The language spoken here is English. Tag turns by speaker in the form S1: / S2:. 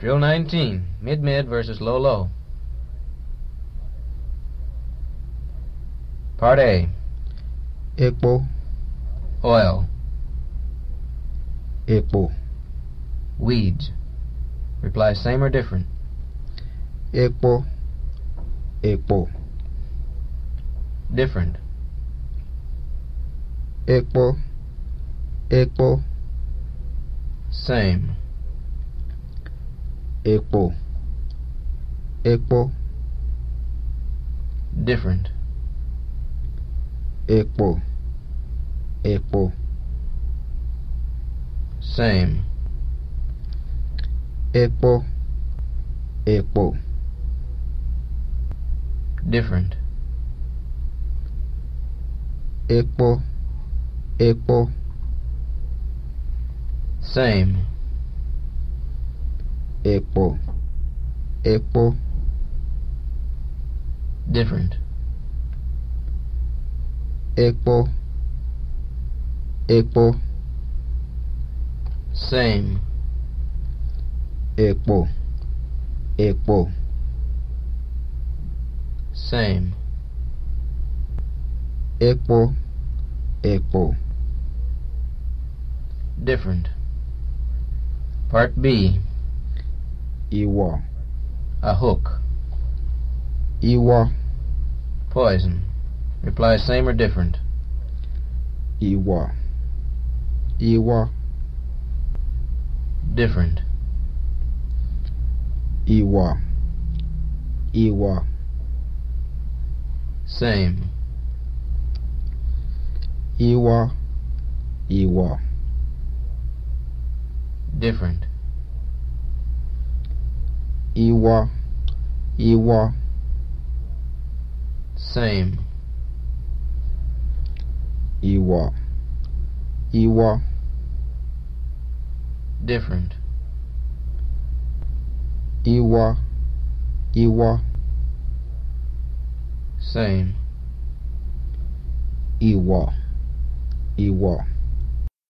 S1: Drill 19, mid-mid versus low-low. Part A.
S2: Epo. Oil. Epo. Weeds. Reply same or different. Epo. Epo. Different. Epo. Epo. Same. Equal. Equal. different Equal. Equal. same Equal. Equal. different Equal. Equal. same epo epo different epo epo
S1: same
S2: epo epo same epo epo
S1: different part b Iwo. A hook. Iwo. Poison. Reply same or different.
S2: Iwo. Iwo. Different. Iwo. Iwo. Same. Iwo. Iwo. Different. Iwa, Iwa,
S1: same
S2: Iwa, Iwa, different Iwa, Iwa, same Iwa, Iwa.